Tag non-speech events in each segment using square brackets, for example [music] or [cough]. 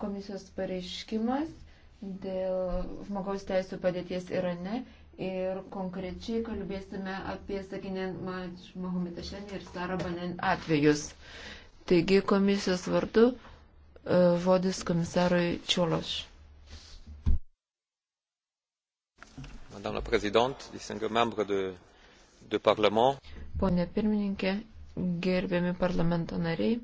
komisijos pareiškimas dėl žmogaus teisų padėties Irane ir konkrečiai kalbėsime apie Sakinė Mač Mahometašenį ir Sarą Banen atvejus. Taigi komisijos vardu vodis e, komisarui Čiološ. Madame la Présidente, distingués membres de, de Parlement. Pone pirmininkė, gerbiami parlamento nariai.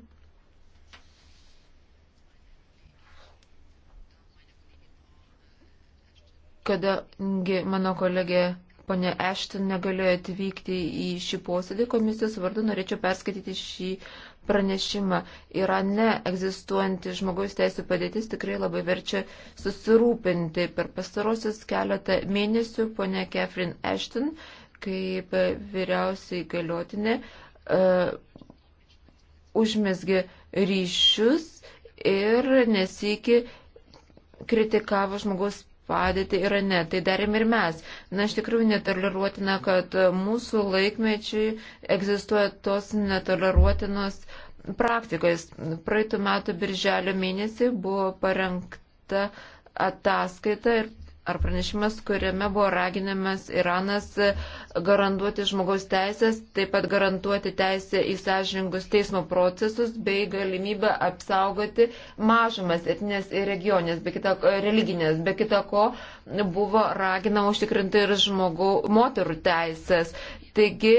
kadangi mano kolegė ponė Ešton negalėjo atvykti į šį posėdį komisijos vardu, norėčiau perskaityti šį pranešimą. Irane egzistuojanti žmogaus teisų padėtis tikrai labai verčia susirūpinti. Per pastarosius keletą mėnesių ponė Catherine Ashton, kaip vyriausiai galiotinė, uh, e, užmesgė ryšius ir nesiki kritikavo žmogaus padėtį Irane. Tai darėm ir mes. Na, iš tikrųjų netoleruotina, kad mūsų laikmečiui egzistuoja tos netoleruotinos praktikos. Praeitų metų birželio mėnesį buvo parengta ataskaita ir ar pranešimas, kuriame buvo raginamas Iranas garantuoti žmogaus teisės, taip pat garantuoti teisę į sąžininkus teismo procesus bei galimybę apsaugoti mažumas etinės ir regionės, be kita, religinės. Be kita ko buvo raginama užtikrinti ir žmogų, moterų teisės. Taigi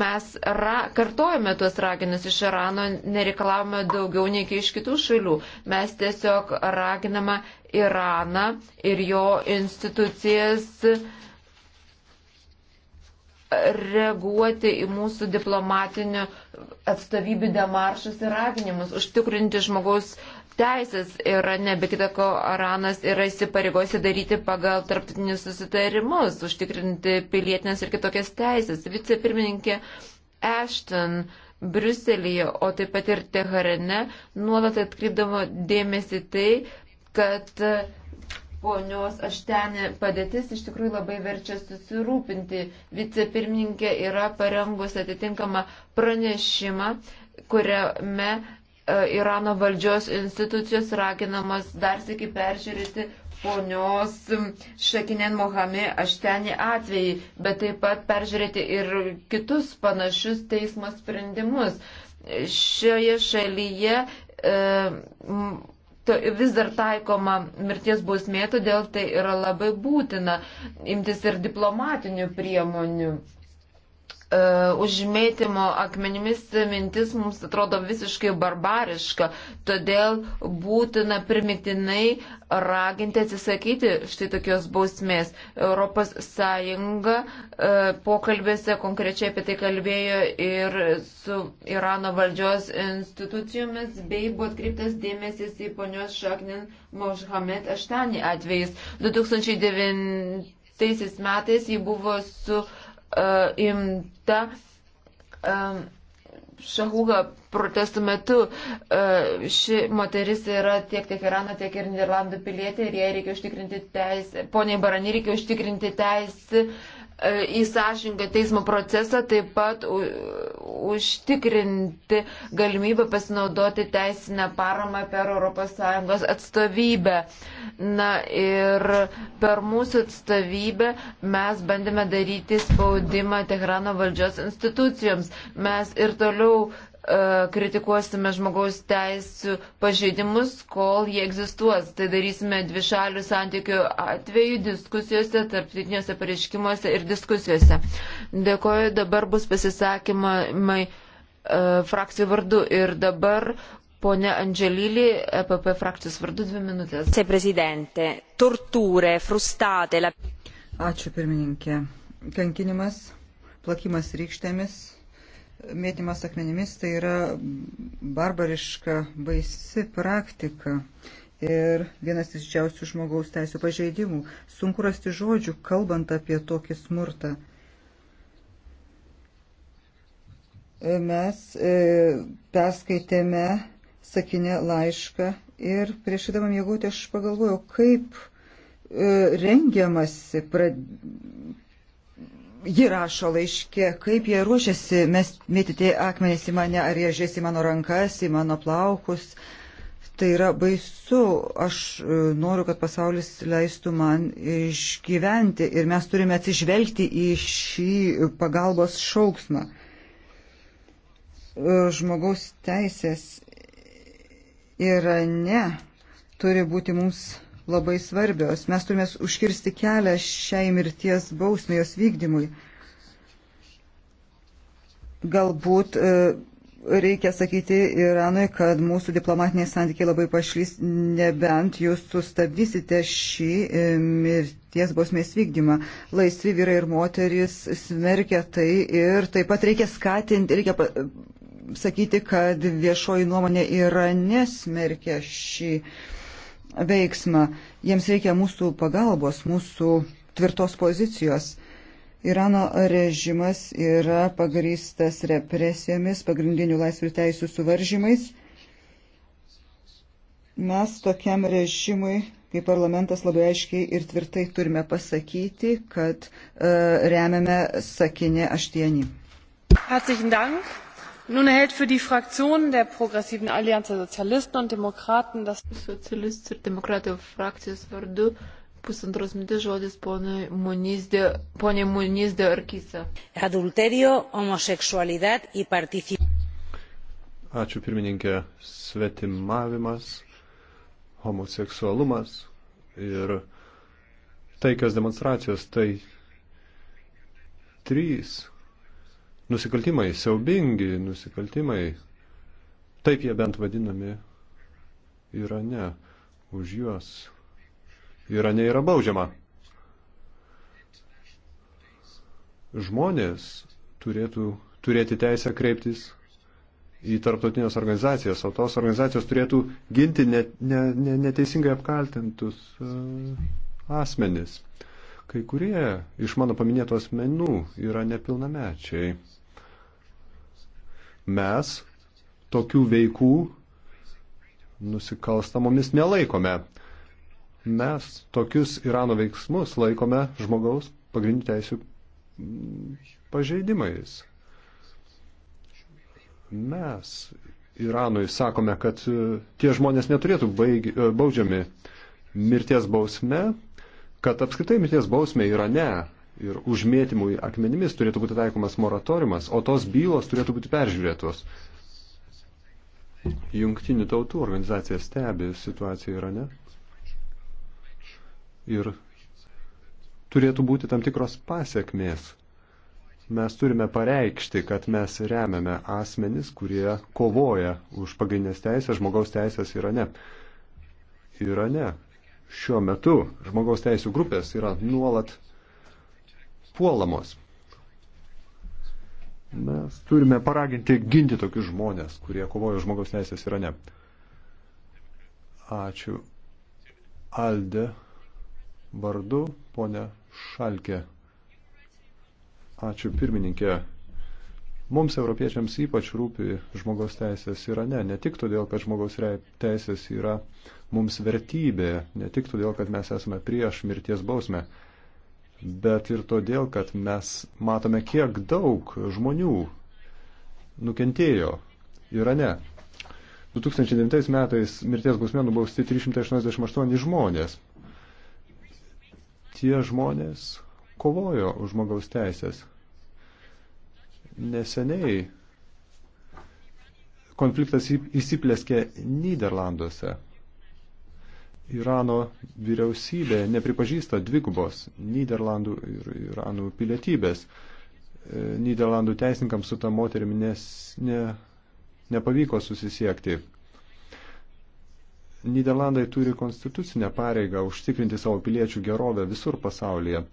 mes ra, kartojame tuos raginus iš Irano, nereikalavome daugiau nei iš kitų šalių. Mes tiesiog raginame Iraną ir jo institucijas reaguoti į mūsų diplomatinių atstovybių demaršus ir raginimus, užtikrinti žmogaus teisės yra nebekitako Aranas yra įsipareigosi daryti pagal tarptautinius susitarimus, užtikrinti pilietinės ir kitokias teisės. Vicepirmininkė Ashton Briuselėje, o taip pat ir Teherane nuolat atkreipdavo dėmesį tai, kad e, ponios Aštenė padėtis iš tikrųjų labai verčia susirūpinti. Vicepirmininkė yra parengusi atitinkamą pranešimą, kuriame e, Irano valdžios institucijos raginamas dar sėki peržiūrėti ponios Šakinien Mohami Aštenį atvejį, bet taip pat peržiūrėti ir kitus panašius teismo sprendimus. Šioje šalyje e, m, vis dar taikoma mirties bausmė, todėl tai yra labai būtina imtis ir diplomatinių priemonių. E, užmėtimo akmenimis mintis mums atrodo visiškai barbariška, todėl būtina primiktinai raginti atsisakyti štai tokios bausmės. Europos Sąjunga e, pokalbėse konkrečiai apie tai kalbėjo ir su Irano valdžios institucijomis, bei buvo atkreiptas dėmesys į ponios Šaknin Mohamed Aštani atvejais. 2009 metais ji buvo su uh, imta um, šahūga protestų metu. Uh, ši moteris yra tiek tiek Irano, tiek ir Niderlandų pilietė ir jai reikia užtikrinti teisę, poniai Barani reikia užtikrinti teisę uh, į sąžininką teismo procesą, taip pat užtikrinti galimybę pasinaudoti teisinę paramą per ES atstovybę. Na ir per mūsų atstovybę mes bandėme daryti spaudimą Tehrano valdžios institucijoms. Mes ir toliau kritikuosime žmogaus teisų pažeidimus, kol jie egzistuos. Tai darysime dvi šalių santykių atveju diskusijose, tarptautiniuose pareiškimuose ir diskusijose. Dėkoju, dabar bus pasisakymai e, frakcijų vardu ir dabar. Pone Angelilį, EPP frakcijos vardu dvi minutės. Torture, frustate, la... Ačiū pirmininkė. Kankinimas, plakimas rykštėmis, mėtymas akmenimis tai yra barbariška, baisi praktika ir vienas iš didžiausių žmogaus teisų pažeidimų. Sunku rasti žodžių, kalbant apie tokį smurtą. Mes e, perskaitėme sakinę laišką ir prieš įdamą jėgoti aš pagalvojau, kaip e, rengiamasi prad ji rašo laiškė, kaip jie ruošiasi mes mėtyti akmenys į mane, ar jie žies į mano rankas, į mano plaukus. Tai yra baisu, aš e, noriu, kad pasaulis leistų man išgyventi ir mes turime atsižvelgti į šį pagalbos šauksmą. E, žmogaus teisės yra ne, turi būti mums labai svarbios. Mes turime užkirsti kelią šiai mirties bausmė jos vykdymui. Galbūt e, reikia sakyti Iranui, kad mūsų diplomatiniai santykiai labai pašlys, nebent jūs sustabdysite šį e, mirties bausmės vykdymą. Laisvi vyrai ir moteris smerkia tai ir taip pat reikia skatinti, reikia sakyti, kad viešoji nuomonė yra nesmerkia šį veiksmą. Jiems reikia mūsų pagalbos, mūsų tvirtos pozicijos. Irano režimas yra pagrystas represijomis, pagrindinių laisvių teisų suvaržymais. Mes tokiam režimui, kaip parlamentas, labai aiškiai ir tvirtai turime pasakyti, kad uh, remiame sakinę aštienį. Herzlichen Dank. Nun erhält für die Fraktion der Progressiven Allianz der Sozialisten und Demokraten das Socialistų ir Demokratų frakcijos vardu pusantros minutės žodis poniai Muniz de Arkisa. Adulterio, homoseksualidad y participación. Ačiū pirmininkė. Svetimavimas, homoseksualumas ir taikios demonstracijos. Tai trys nusikaltimai, siaubingi nusikaltimai, taip jie bent vadinami Irane, už juos Irane yra baudžiama. Žmonės turėtų turėti teisę kreiptis į tarptautinės organizacijas, o tos organizacijos turėtų ginti net, ne, ne, neteisingai apkaltintus uh, asmenis. Kai kurie iš mano paminėtų asmenų yra nepilnamečiai mes tokių veikų nusikalstamomis nelaikome. Mes tokius Irano veiksmus laikome žmogaus pagrindinių teisių mm, pažeidimais. Mes Iranui sakome, kad e, tie žmonės neturėtų baigi, e, baudžiami mirties bausme, kad apskritai mirties bausmė Irane ir užmėtymui akmenimis turėtų būti taikomas moratoriumas, o tos bylos turėtų būti peržiūrėtos. Jungtinių tautų organizacija stebi situaciją Irane ir turėtų būti tam tikros pasiekmės. Mes turime pareikšti, kad mes remiame asmenis, kurie kovoja už pagrindinės teisės, žmogaus teisės Irane. Irane šiuo metu žmogaus teisų grupės yra nuolat puolamos. Mes turime paraginti ginti tokius žmonės, kurie kovojo žmogaus teisės Irane. Ačiū. Alde vardu, ponia Šalkė. Ačiū pirmininkė. Mums, europiečiams, ypač rūpi žmogaus teisės yra ne, ne tik todėl, kad žmogaus teisės yra mums vertybė, ne tik todėl, kad mes esame prieš mirties bausmę, bet ir todėl, kad mes matome, kiek daug žmonių nukentėjo Irane. 2009 metais mirties bausmė nubausti 388 žmonės. Tie žmonės kovojo už žmogaus teisės. Neseniai konfliktas įsiplėskė Niderlanduose. Irano vyriausybė nepripažįsta dvigubos Niderlandų ir Iranų pilietybės. E, Niderlandų teisininkams su tą moterimi nes, ne, nepavyko susisiekti. Niderlandai turi konstitucinę pareigą užtikrinti savo piliečių gerovę visur pasaulyje.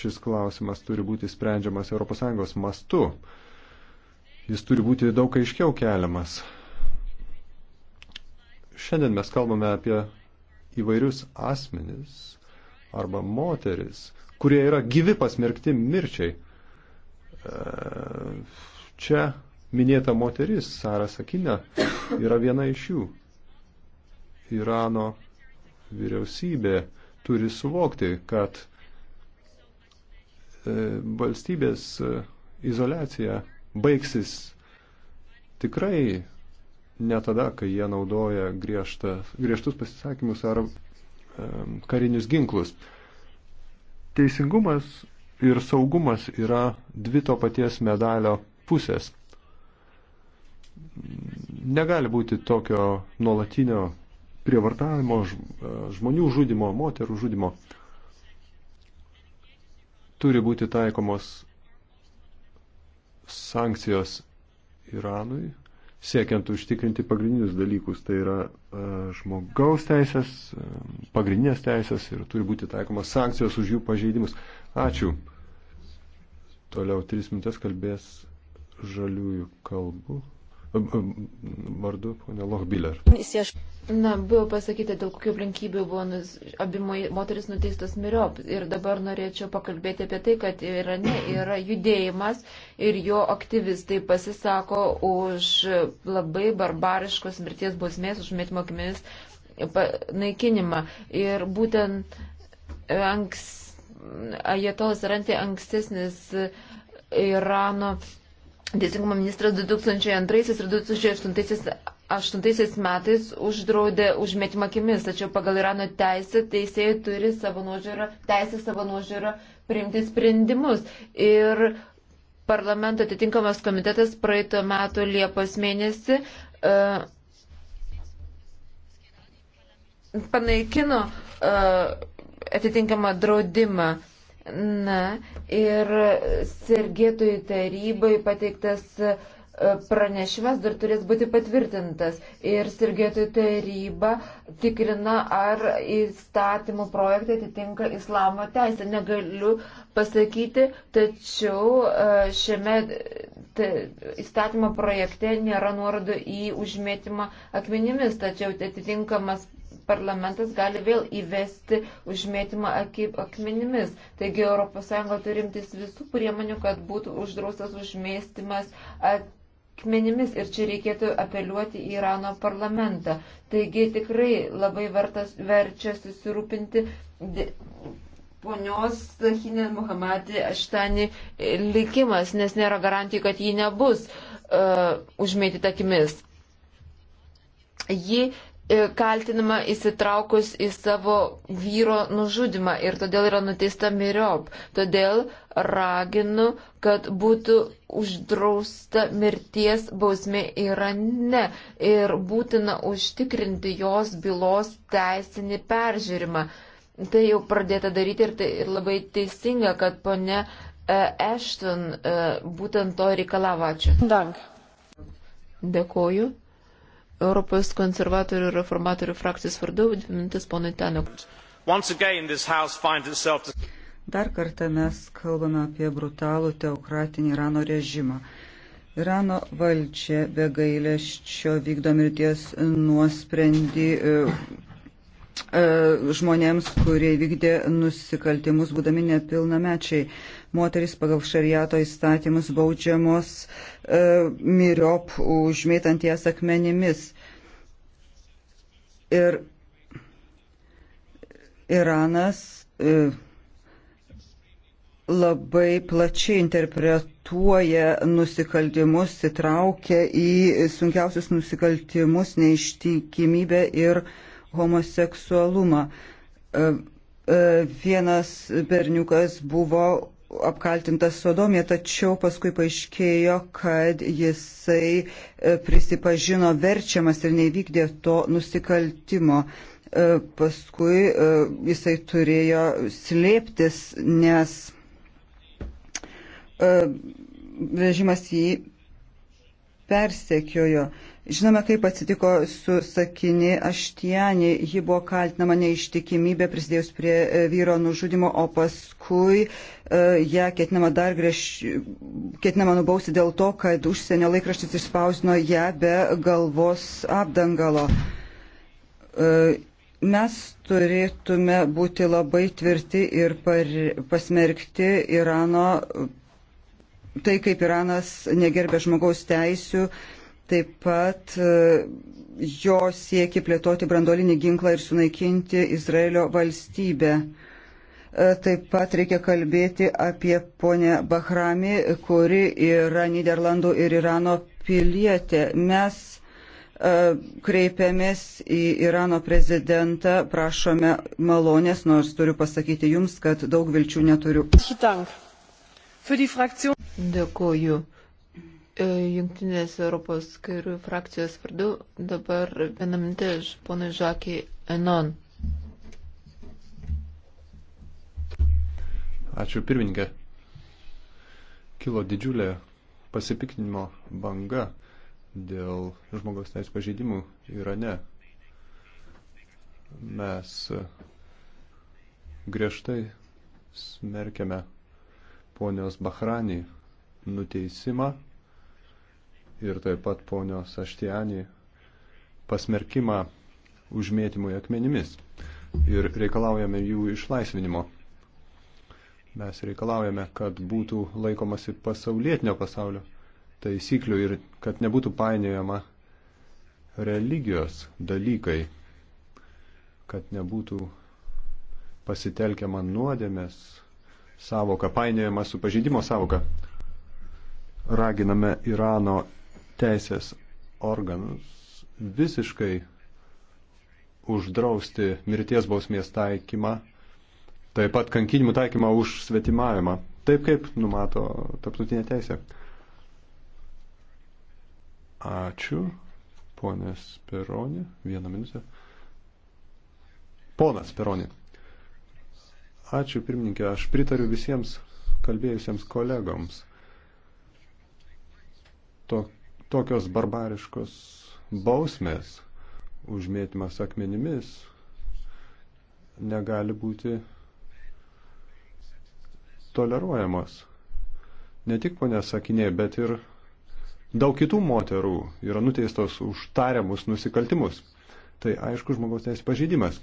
Šis klausimas turi būti sprendžiamas ES mastu. Jis turi būti daug aiškiau keliamas. Šiandien mes kalbame apie įvairius asmenis arba moteris, kurie yra gyvi pasmerkti mirčiai. E, čia minėta moteris, Sara Sakinė, yra viena iš jų. Irano vyriausybė turi suvokti, kad e, valstybės e, izolacija baigsis tikrai ne tada, kai jie naudoja griežtą, griežtus pasisakymus ar um, karinius ginklus. Teisingumas ir saugumas yra dvi to paties medalio pusės. Negali būti tokio nuolatinio prievartavimo, e, žmonių žudimo, moterų žudimo. Turi būti taikomos sankcijos Iranui siekiant užtikrinti pagrindinius dalykus, tai yra e, žmogaus teisės, e, pagrindinės teisės ir turi būti taikomas sankcijos už jų pažeidimus. Ačiū. Toliau tris minutės kalbės žaliųjų kalbų vardu, ponė Lochbiller. Na, buvo pasakyta, dėl kokių aplinkybių buvo nus, abi moteris nuteistos miriop. Ir dabar norėčiau pakalbėti apie tai, kad Irane yra judėjimas ir jo aktyvistai pasisako už labai barbariškos mirties bausmės, už metimo akimis naikinimą. Ir būtent e, anks, Ajatolas Rantė ankstesnis e, Irano Teisingumo ministras 2002 ir 2008 metais uždraudė užmetimą akimis, tačiau pagal Irano teisę teisėjai turi savo nuožiūrą, teisę savo nuožiūrą priimti sprendimus. Ir parlamento atitinkamas komitetas praeito metų Liepos mėnesį uh, panaikino uh, atitinkamą draudimą Na ir sergėtojų tarybai pateiktas e, pranešimas dar turės būti patvirtintas. Ir sergėtojų taryba tikrina, ar įstatymų projektai atitinka islamo teisę. Negaliu pasakyti, tačiau e, šiame įstatymo projekte nėra nuorodų į užmėtymą akmenimis, tačiau atitinkamas parlamentas gali vėl įvesti užmėtymą akmenimis. Taigi ES turi imtis visų priemonių, kad būtų uždraustas užmėstymas akmenimis ir čia reikėtų apeliuoti į Irano parlamentą. Taigi tikrai labai vertas, verčia susirūpinti ponios Sahinė Muhamadė Aštani likimas, nes nėra garantijų, kad ji nebus uh, užmėtyta akimis. Ji E, kaltinama įsitraukus į savo vyro nužudimą ir todėl yra nuteista miriop. Todėl raginu, kad būtų uždrausta mirties bausmė Irane ir būtina užtikrinti jos bylos teisinį peržiūrimą. Tai jau pradėta daryti ir, tai, ir labai teisinga, kad ponė Ešton e, būtent to reikalavo. Ačiū. Dank. Dėkoju. Europos konservatorių ir reformatorių frakcijos vardu, dvi mintis ponui Tenok. Dar kartą mes kalbame apie brutalų teokratinį Irano režimą. Irano valdžia be gailėščio vykdo mirties nuosprendį e, E, žmonėms, kurie vykdė nusikaltimus būdami nepilnamečiai. Moteris pagal šariato įstatymus baudžiamos e, myriop užmėtant jas akmenimis. Ir Iranas e, labai plačiai interpretuoja nusikaltimus, įtraukia į sunkiausius nusikaltimus neištikimybę ir uh, homoseksualumą. E, e, vienas berniukas buvo apkaltintas sodomė, tačiau paskui paaiškėjo, kad jisai e, prisipažino verčiamas ir nevykdė to nusikaltimo. Paskui jisai turėjo slėptis, nes režimas jį persekiojo. Žinome, kaip atsitiko su sakini Aštienė. Ji buvo kaltinama neištikimybė prisidėjus prie e, vyro nužudimo, o paskui e, ją ja, ketinama dar greš, ketinama nubausti dėl to, kad užsienio laikraštis išspausino ją be galvos apdangalo. E, mes turėtume būti labai tvirti ir par, pasmerkti Irano, tai kaip Iranas negerbė žmogaus teisių Taip pat e, jo siekia plėtoti brandolinį ginklą ir sunaikinti Izraelio valstybę. E, taip pat reikia kalbėti apie ponę Bahrami, kuri yra Niderlandų ir Irano pilietė. Mes e, kreipiamės į Irano prezidentą, prašome malonės, nors turiu pasakyti jums, kad daug vilčių neturiu. Dėkuoju. E, Junktinės Europos kairių frakcijos vardu dabar vieną mintę iš ponai Žakį Enon. Ačiū pirmininkė. Kilo didžiulė pasipiktinimo banga dėl žmogaus teisų pažeidimų Irane. Mes griežtai smerkiame ponios Bahrani nuteisimą ir taip pat ponios Aštianį pasmerkimą užmėtymui akmenimis ir reikalaujame jų išlaisvinimo. Mes reikalaujame, kad būtų laikomasi pasaulietinio pasaulio taisyklių ir kad nebūtų painiojama religijos dalykai, kad nebūtų pasitelkiama nuodėmės savoka, painiojama su pažydimo savoka. Raginame Irano teisės organus visiškai uždrausti mirties bausmės taikymą, taip pat kankinimų taikymą už svetimavimą, taip kaip numato tarptautinė teisė. Ačiū, ponės Peronė, vieną minutę. Ponas Peronė. Ačiū, pirmininkė, aš pritariu visiems kalbėjusiems kolegoms. Tokia tokios barbariškos bausmės užmėtymas akmenimis negali būti toleruojamos. Ne tik ponė Sakinė, bet ir daug kitų moterų yra nuteistos už tariamus nusikaltimus. Tai aišku žmogaus teisės pažeidimas.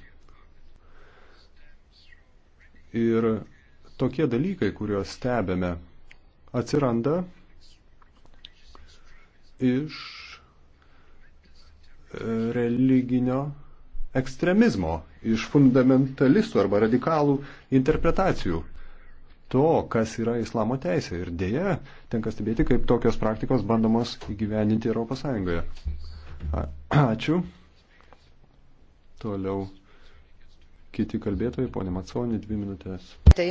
Ir tokie dalykai, kuriuos stebėme, atsiranda iš e, religinio ekstremizmo, iš fundamentalistų arba radikalų interpretacijų to, kas yra islamo teisė. Ir dėja, tenka stebėti, kaip tokios praktikos bandomos įgyvendinti ES. [clears throat] Ačiū. Toliau Kiti kalbėtojai, ponė Maconė, dvi minutės. Tai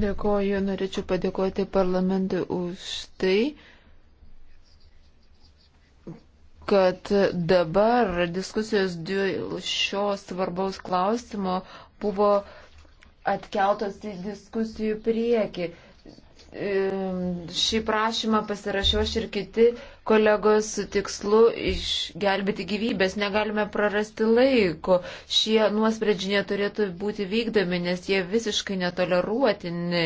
Dėkoju, norėčiau padėkoti parlamentui už tai, kad dabar diskusijos dėl šio svarbaus klausimo buvo atkeltos į diskusijų priekį šį prašymą pasirašiau aš ir kiti kolegos su tikslu išgelbėti gyvybės. Negalime prarasti laiko. Šie nuosprendžiai neturėtų būti vykdomi, nes jie visiškai netoleruotini.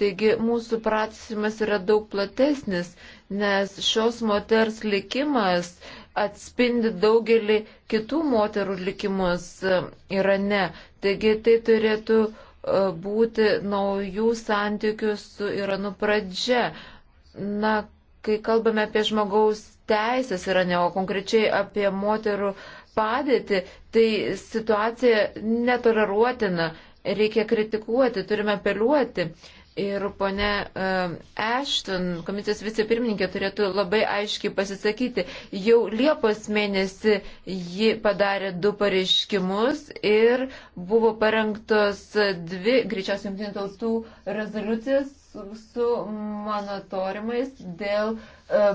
Taigi mūsų pratysimas yra daug platesnis, nes šios moters likimas atspindi daugelį kitų moterų likimus e, Irane. Taigi tai turėtų uh, būti naujų santykių su Iranu pradžia. Na, kai kalbame apie žmogaus teisės Irane, o konkrečiai apie moterų padėtį, tai situacija netoleruotina, reikia kritikuoti, turime apeliuoti. Uh, Ir ponė Ešton, komisijos vicepirmininkė, turėtų labai aiškiai pasisakyti. Jau Liepos mėnesį ji padarė du pareiškimus ir buvo parengtos dvi, greičiausiai, jungtinių tautų rezoliucijas su monitorimais dėl e,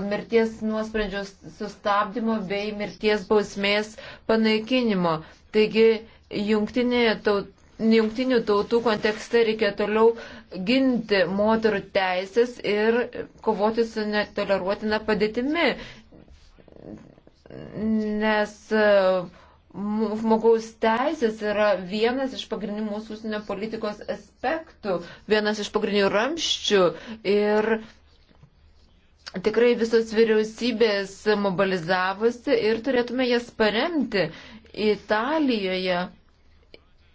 mirties nuosprendžio sustabdymo bei mirties bausmės panaikinimo. Taigi, jungtinė taut, jungtinių tautų kontekste reikia toliau ginti moterų teisės ir kovoti su netoleruotina padėtimi. Nes e, žmogaus teisės yra vienas iš pagrindinių mūsų užsienio politikos aspektų, vienas iš pagrindinių ramščių ir tikrai visos vyriausybės mobilizavosi ir turėtume jas paremti. Italijoje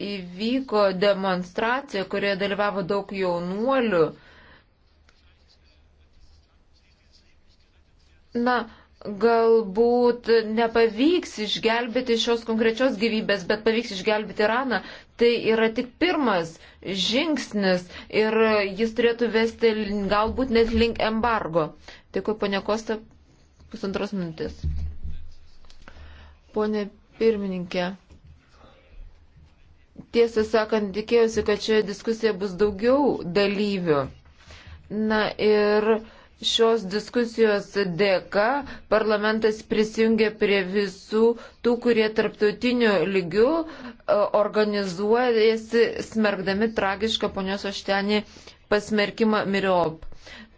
įvyko demonstracija, kurioje dalyvavo daug jaunuolių. Na, galbūt nepavyks išgelbėti šios konkrečios gyvybės, bet pavyks išgelbėti Iraną. Tai yra tik pirmas žingsnis ir jis turėtų vesti galbūt net link embargo. Dėkui, ponė Kosta, pusantros minutės. Pone pirmininkė tiesą sakant, tikėjausi, kad šioje diskusijoje bus daugiau dalyvių. Na ir šios diskusijos dėka parlamentas prisijungia prie visų tų, kurie tarptautiniu lygiu e, organizuojasi smergdami tragišką ponios Oštenį pasmerkimą Miriop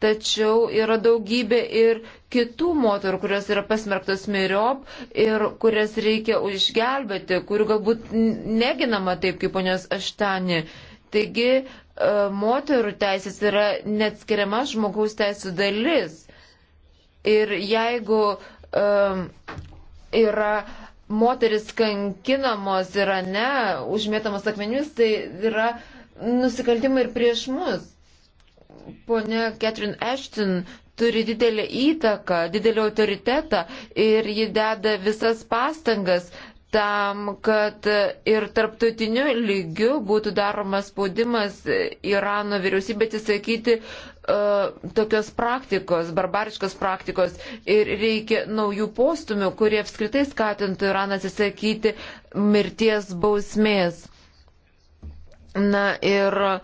tačiau yra daugybė ir kitų moterų, kurios yra pasmerktos miriop ir kurias reikia išgelbėti, kurių galbūt neginama taip kaip ponios Aštani. Taigi e, moterų teisės yra neatskiriama žmogaus teisų dalis. Ir jeigu um, yra moteris kankinamos Irane, užmėtamos akmenius, tai yra nusikaltimai ir prieš mus. Pone Ketrin Ashton turi didelį įtaką, didelį autoritetą ir ji deda visas pastangas tam, kad ir tarptautiniu lygiu būtų daromas spaudimas Irano vyriausybė atsisakyti uh, tokios praktikos, barbariškos praktikos ir reikia naujų postumių, kurie apskritai skatintų Iraną atsisakyti mirties bausmės. Na ir uh,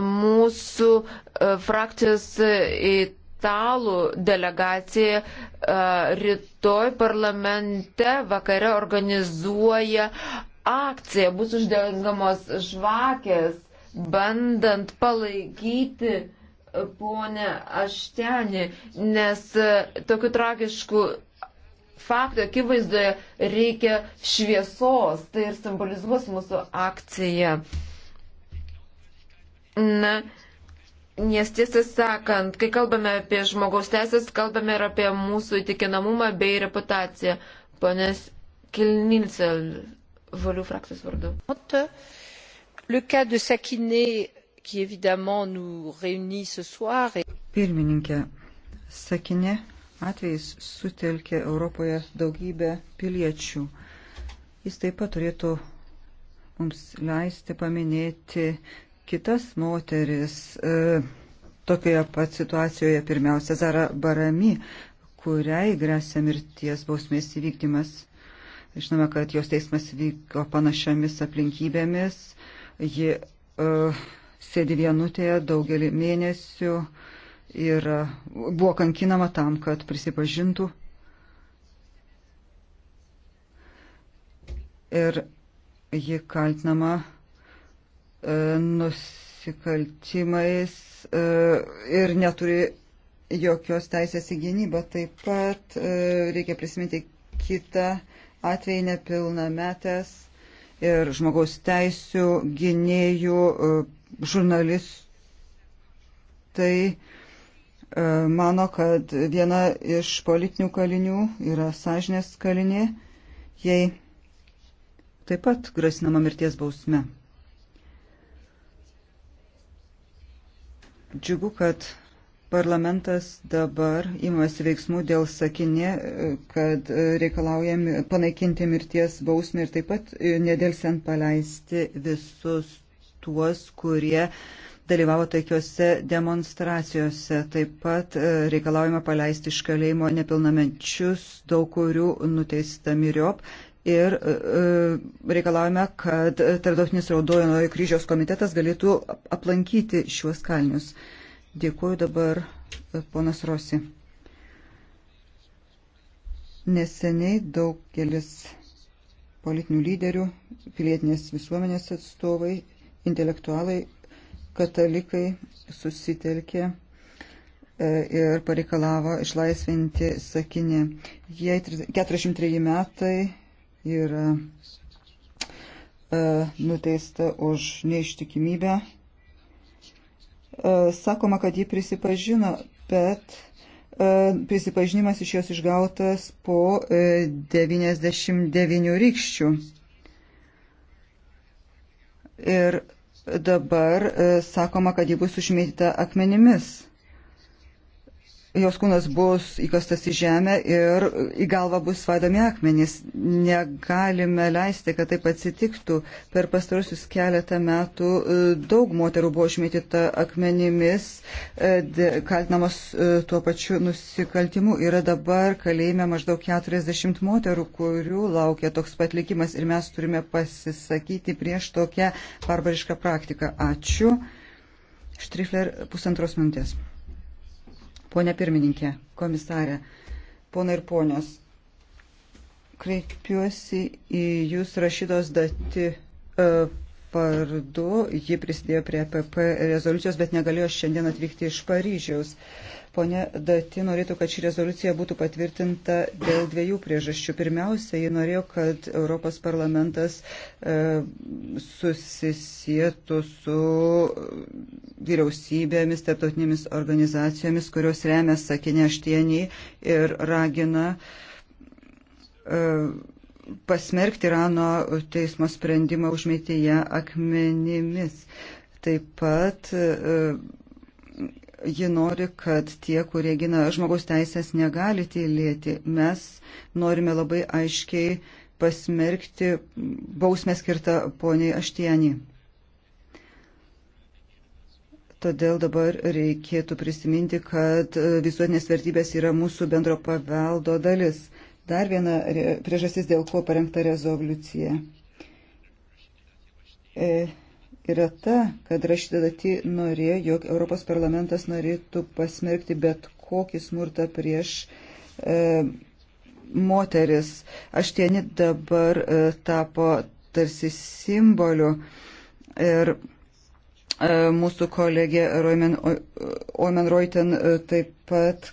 mūsų e, frakcijos e, italų delegacija e, rytoj parlamente vakare organizuoja akciją, bus uždengamos žvakės, bandant palaikyti ponę Aštenį, nes tokių tragiškų faktų akivaizdoje reikia šviesos, tai ir simbolizuos mūsų akcija. Na, Nes tiesą sakant, kai kalbame apie žmogaus teisės, kalbame ir apie mūsų įtikinamumą bei reputaciją. Ponės Kilnincel, Valių frakcijos vardu. Pirmininkė, Sakinė atvejais sutelkė Europoje daugybę piliečių. Jis taip pat turėtų mums leisti paminėti kitas moteris e, tokioje pat situacijoje, pirmiausia, Zara Barami, kuriai grėsia mirties bausmės įvykdymas. Žinome, kad jos teismas vyko panašiamis aplinkybėmis. Ji uh, sėdi vienutėje daugelį mėnesių ir uh, buvo kankinama tam, kad prisipažintų. Ir ji kaltinama E, nusikaltimais e, ir neturi jokios teisės į gynybą. Taip pat e, reikia prisiminti kitą atvejį nepilnametės ir žmogaus teisų gynėjų žurnalistai mano, kad viena iš politinių kalinių yra sąžinės kalinė, jai taip pat grasinama mirties bausme. Džiugu, kad parlamentas dabar imasi veiksmų dėl sakinė, kad reikalaujami panaikinti mirties bausmę ir taip pat e, nedelsiant paleisti visus tuos, kurie dalyvavo taikiuose demonstracijose. Taip pat e, reikalaujama paleisti iš kalėjimo nepilnamečius, daug kurių nuteista miriop ir e, e, reikalavome, kad Tardotinis Raudojonojo kryžiaus komitetas galėtų aplankyti šiuos kalnius. Dėkuoju dabar e, ponas Rosi. Neseniai daugelis politinių lyderių, pilietinės visuomenės atstovai, intelektualai, katalikai susitelkė ir pareikalavo išlaisvinti sakinį. Jei 43 metai yra e, nuteista už neištikimybę. E, sakoma, kad ji prisipažino, bet e, prisipažinimas iš jos išgautas po 99 rykščių. Ir dabar sakoma, kad ji bus užmėtyta akmenimis jos kūnas bus įkastas į žemę ir į galvą bus svaidomi akmenys. Negalime leisti, kad taip atsitiktų. Per pastarusius keletą metų e, daug moterų buvo išmėtyta akmenimis, e, kaltinamos e, tuo pačiu nusikaltimu. Yra dabar kalėjime maždaug 40 moterų, kurių laukia toks pat likimas ir mes turime pasisakyti prieš tokią barbarišką praktiką. Ačiū. Štrifler pusantros minutės. Pone pirmininkė, komisarė, pona ir ponios, kreipiuosi į jūs rašydos dati. Uh, vardu. Ji prisidėjo prie PP rezoliucijos, bet negalėjo šiandien atvykti iš Paryžiaus. Pone Dati norėtų, kad ši rezoliucija būtų patvirtinta dėl dviejų priežasčių. Pirmiausia, ji norėjo, kad Europos parlamentas e, susisietų su vyriausybėmis, tarptautinėmis organizacijomis, kurios remia sakinę aštienį ir ragina. E, pasmerkti Irano teismo sprendimą užmėtėje akmenimis. Taip pat e, ji nori, kad tie, kurie gina žmogaus teisės, negali tylėti. Mes norime labai aiškiai pasmerkti bausmę skirtą poniai Aštienį. Todėl dabar reikėtų prisiminti, kad e, visuotinės vertybės yra mūsų bendro paveldo dalis dar viena priežastis, dėl ko parengta rezoliucija, e, yra ta, kad Rašidadati norėjo, jog Europos parlamentas norėtų pasmerkti bet kokį smurtą prieš e, moteris. Aštieni dabar e, tapo tarsi simboliu ir e, mūsų kolegė Roimen, Omen Reuten e, taip pat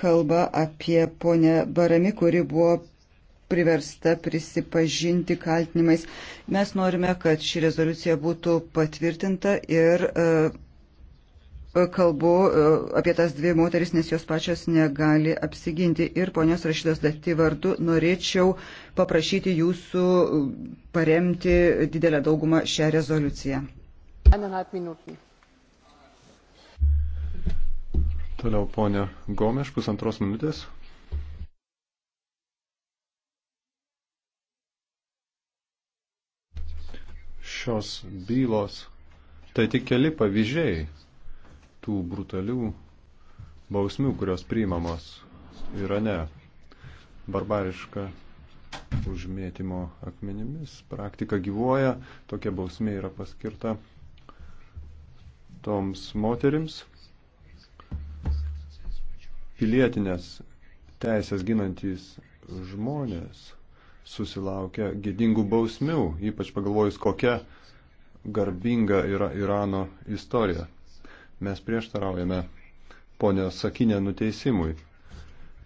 kalba apie ponę Barami, kuri buvo priversta prisipažinti kaltinimais. Mes norime, kad ši rezoliucija būtų patvirtinta ir e, kalbu e, apie tas dvi moteris, nes jos pačios negali apsiginti. Ir ponios rašytos dati vardu norėčiau paprašyti jūsų paremti didelę daugumą šią rezoliuciją. Eineinhalb Minuten. Toliau ponė Gomeš, pusantros minutės. Šios bylos tai tik keli pavyzdžiai tų brutalių bausmių, kurios priimamos Irane. Barbariška užmėtimo akmenimis praktika gyvuoja, tokia bausmė yra paskirta toms moterims pilietinės teisės ginantys žmonės susilaukia gėdingų bausmių, ypač pagalvojus, kokia garbinga yra Irano istorija. Mes prieštaraujame ponę Sakinę nuteisimui.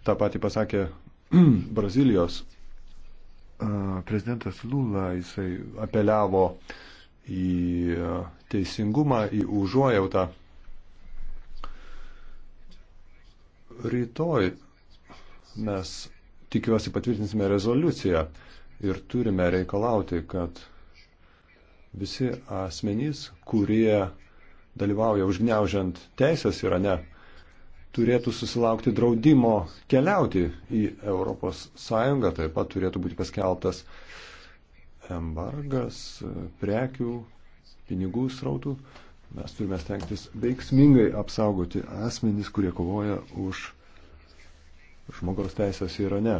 Ta pati pasakė [clears throat] Brazilijos prezidentas Lula, jisai apeliavo į teisingumą, į užuojautą Rytoj mes tikiuosi patvirtinsime rezoliuciją ir turime reikalauti, kad visi asmenys, kurie dalyvauja užgneužiant teisės Irane, turėtų susilaukti draudimo keliauti į ES, taip pat turėtų būti paskeltas embargas prekių, pinigų srautų. Mes turime stengtis veiksmingai apsaugoti asmenys, kurie kovoja už žmogaus teisės Irane.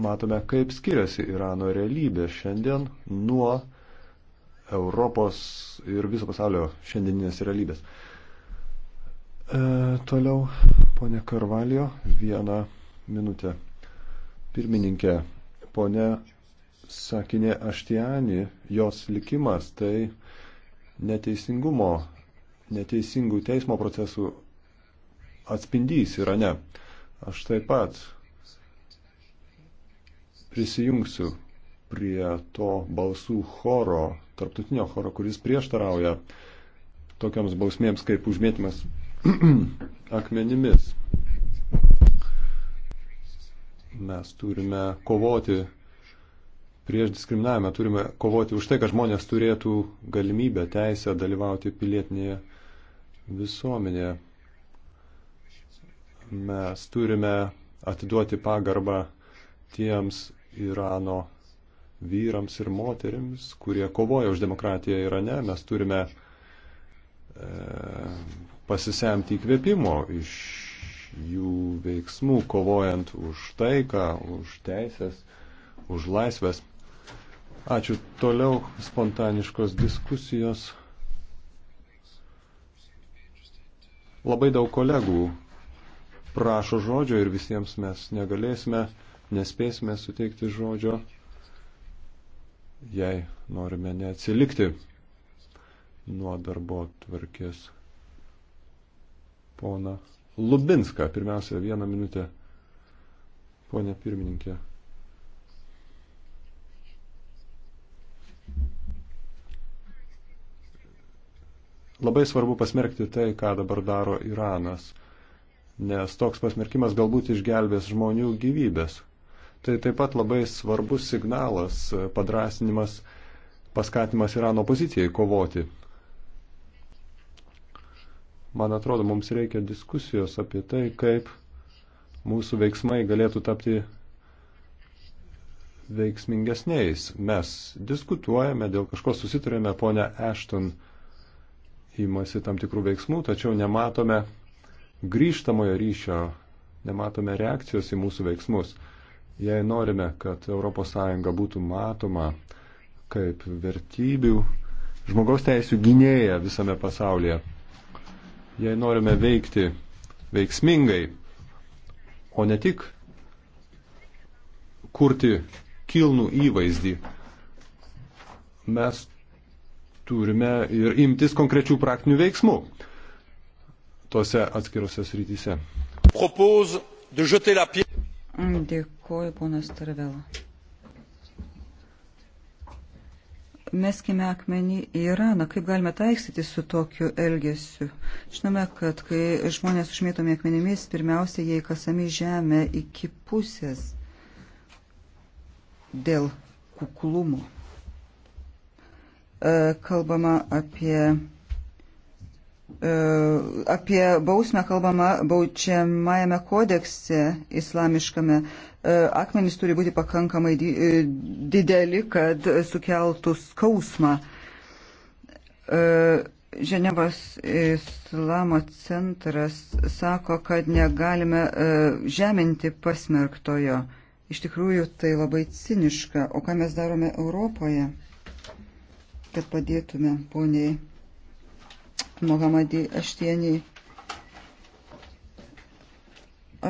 Matome, kaip skiriasi Irano realybė šiandien nuo Europos ir viso pasaulio šiandieninės realybės. E, toliau, ponė Karvalio, vieną minutę. Pirmininkė, ponė sakinė Aštiani, jos likimas tai neteisingumo, neteisingų teismo procesų atspindys Irane. Aš taip pat prisijungsiu prie to balsų choro, tarptautinio choro, kuris prieštarauja tokiams bausmėms kaip užmėtymas [clears throat] akmenimis. Mes turime kovoti prieš diskriminavimą, turime kovoti už tai, kad žmonės turėtų galimybę, teisę dalyvauti pilietinėje visuomenėje. Mes turime atiduoti pagarbą tiems Irano vyrams ir moterims, kurie kovoja už demokratiją Irane. Mes turime e, pasisemti įkvėpimo iš jų veiksmų, kovojant už taiką, už teisės, už laisvės. Ačiū. Toliau spontaniškos diskusijos. Labai daug kolegų prašo žodžio ir visiems mes negalėsime, nespėsime suteikti žodžio, jei norime neatsilikti nuo darbo tvarkės. Pona Lubinska, pirmiausia, vieną minutę. Pone pirmininkė. Labai svarbu pasmerkti tai, ką dabar daro Iranas, nes toks pasmerkimas galbūt išgelbės žmonių gyvybės. Tai taip pat labai svarbus signalas, padrasinimas, paskatimas Irano pozicijai kovoti. Man atrodo, mums reikia diskusijos apie tai, kaip mūsų veiksmai galėtų tapti veiksmingesniais. Mes diskutuojame, dėl kažko susitarėme, ponia Ashton įmasi tam tikrų veiksmų, tačiau nematome grįžtamojo ryšio, nematome reakcijos į mūsų veiksmus. Jei norime, kad ES būtų matoma kaip vertybių, žmogaus teisų gynėja visame pasaulyje, jei norime veikti veiksmingai, o ne tik kurti kilnų įvaizdį, mes turime ir imtis konkrečių praktinių veiksmų tose atskirose srityse. Dėkuoju, ponas Tarvela. Meskime akmenį į Iraną. Kaip galime taiksyti su tokiu elgesiu? Žinome, kad kai žmonės užmėtomi akmenimis, pirmiausia, jie įkasami žemę iki pusės dėl kuklumo. E, kalbama apie, e, apie bausmę, kalbama baudžiamajame kodekse islamiškame. E, akmenys turi būti pakankamai dideli, kad sukeltų skausmą. Ženevos islamo centras sako, kad negalime žeminti pasmerktojo. Iš tikrųjų, tai labai ciniška. O ką mes darome Europoje? kad padėtume poniai Mohamedį Aštieniai.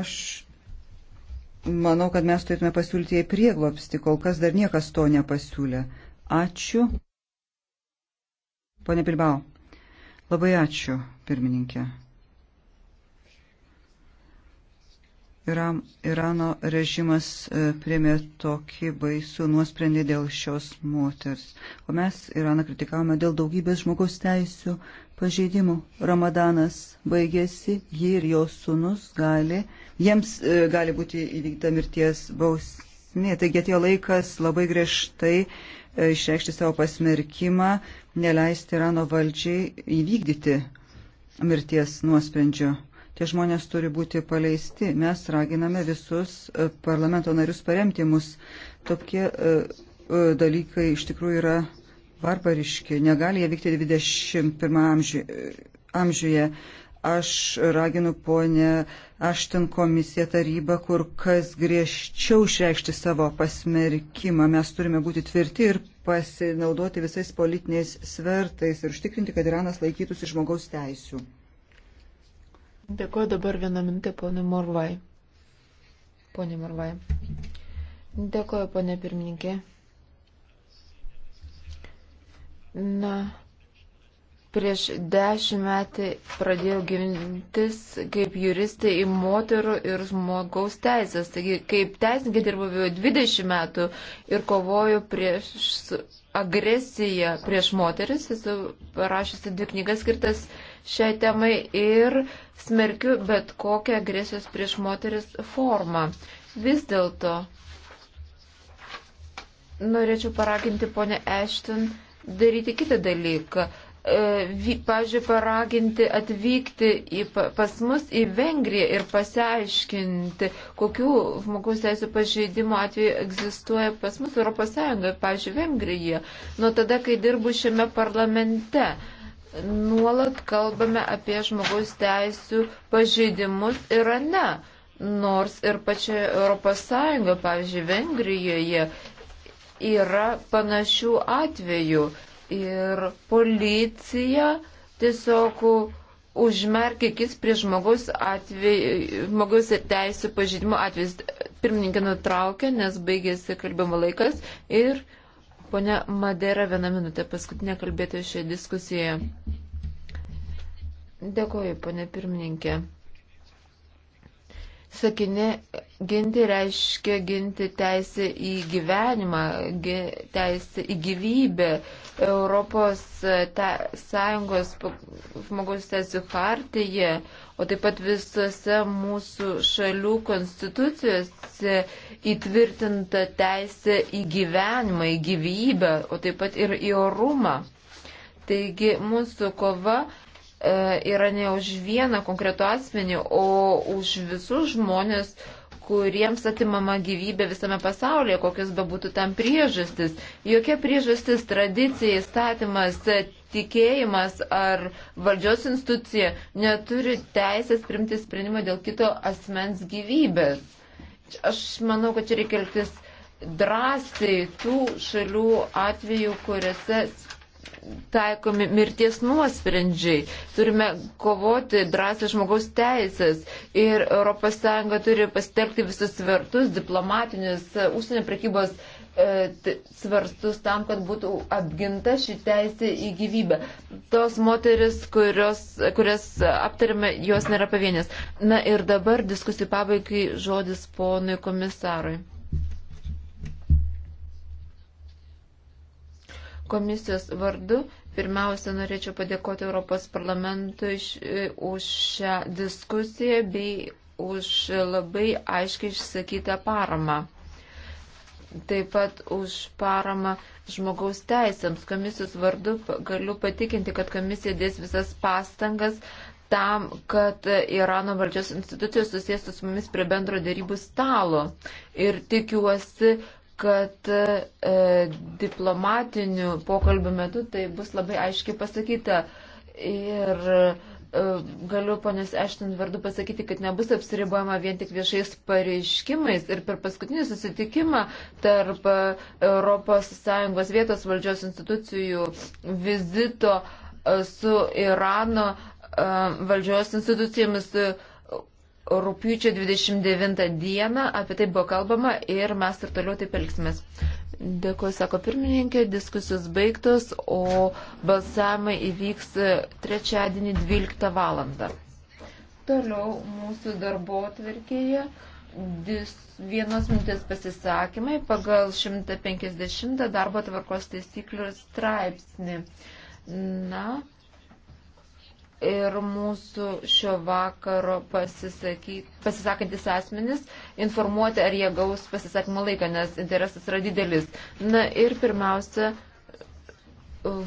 Aš manau, kad mes turėtume pasiūlyti jai prieglopsti, kol kas dar niekas to nepasiūlė. Ačiū. Pone Pilbau, labai ačiū, pirmininkė. Iram, Irano režimas e, priemė tokį baisų nuosprendį dėl šios moters. O mes Iraną kritikavome dėl daugybės žmogaus teisų pažeidimų. Ramadanas baigėsi, ji ir jos sunus gali, jiems e, gali būti įvykdyta mirties bausmė. Taigi atėjo laikas labai griežtai e, išreikšti savo pasmerkimą, neleisti Irano valdžiai įvykdyti mirties nuosprendžio. Tie žmonės turi būti paleisti. Mes raginame visus e, parlamento narius paremti mus. Tokie e, e, dalykai iš tikrųjų yra barbariški. Negali jie vykti 21 amžiuje. amžiuje aš raginu ponę Ašten komisiją tarybą, kur kas griežčiau išreikšti savo pasmerkimą. Mes turime būti tvirti ir pasinaudoti visais politiniais svertais ir užtikrinti, kad Iranas laikytųsi žmogaus teisų. Dėkuoju dabar vieną minutę ponui Morvai. Pone Morvai. Dėkuoju, ponė pirmininkė. Na, prieš dešimt metų pradėjau gilintis kaip juristė į moterų ir žmogaus teisės. Taigi, kaip teisininkė dirbau jau 20 metų ir kovoju prieš agresiją prieš moteris. Esu parašysi dvi knygas skirtas šiai temai ir smerkiu bet kokią agresijos prieš moteris formą. Vis dėlto norėčiau paraginti ponę Ešton daryti kitą dalyką. E, pavyzdžiui, paraginti atvykti į, pas mus į Vengriją ir pasiaiškinti, kokių žmogaus teisų pažeidimo atveju egzistuoja pas mus Europos Sąjungoje, pavyzdžiui, Vengrijoje, nuo tada, kai dirbu šiame parlamente. Uh, nuolat kalbame apie žmogaus teisų pažeidimus Irane, nors ir pačioje Europos Sąjungoje, pavyzdžiui, Vengrijoje yra panašių atvejų ir policija tiesiog užmerkia akis prie žmogaus, atvej, žmogaus teisų pažydimo atvejus. Pirmininkė nutraukė, nes baigėsi kalbimo laikas ir Pone Madera, vieną minutę, paskutinė kalbėtoja šioje diskusijoje. Dėkoju, ponė pirmininkė. Sakinė, ginti reiškia ginti teisę į gyvenimą, teisę į gyvybę. Europos Sąjungos žmogaus teisų hartyje o taip pat visose mūsų šalių konstitucijose įtvirtinta teisė į gyvenimą, į gyvybę, o taip pat ir į orumą. Taigi mūsų kova e, yra ne už vieną konkretų asmenį, o už visus žmonės, kuriems atimama gyvybė visame pasaulyje, kokios bebūtų tam priežastis. Jokia priežastis, tradicija, įstatymas, tikėjimas ar valdžios institucija neturi teisės primti sprendimą dėl kito asmens gyvybės. Aš manau, kad čia reikia elgtis drąsiai tų šalių atveju, kuriuose taikomi mirties nuosprendžiai. Turime kovoti drąsiai žmogaus teisės ir ES turi pasitelkti visus svertus, diplomatinius, užsienio prekybos e, svarstus tam, kad būtų apginta šį teisę į gyvybę. Tos moteris, kurios, kurias aptarėme, jos nėra pavienės. Na ir dabar diskusijų pabaigai žodis ponui komisarui. Komisijos vardu pirmiausia norėčiau padėkoti Europos parlamentui e, už šią diskusiją bei už labai aiškiai išsakytą paramą. Taip pat už paramą žmogaus teisėms. Komisijos vardu galiu patikinti, kad komisija dės visas pastangas tam, kad Irano valdžios institucijos susėstų su mumis prie bendro dėrybų stalo. Ir tikiuosi, kad e, diplomatinių pokalbių metu tai bus labai aiškiai pasakyta. Ir e, galiu ponės Ešton vardu pasakyti, kad nebus apsiribuojama vien tik viešais pareiškimais. Ir per paskutinį susitikimą tarp e, ES vietos valdžios institucijų vizito e, su Irano e, valdžios institucijomis rūpiučio 29 dieną apie tai buvo kalbama ir mes ir toliau taip elgsimės. Dėkuoju, sako pirmininkė, diskusijos baigtos, o balsavimai įvyks trečiadienį 12 val. Toliau mūsų darbo atverkėje vienos minutės pasisakymai pagal 150 darbo tvarkos taisyklių straipsnį. Na, ir mūsų šio vakaro pasisakantis asmenis informuoti, ar jie gaus pasisakymą laiką, nes interesas yra didelis. Na ir pirmiausia,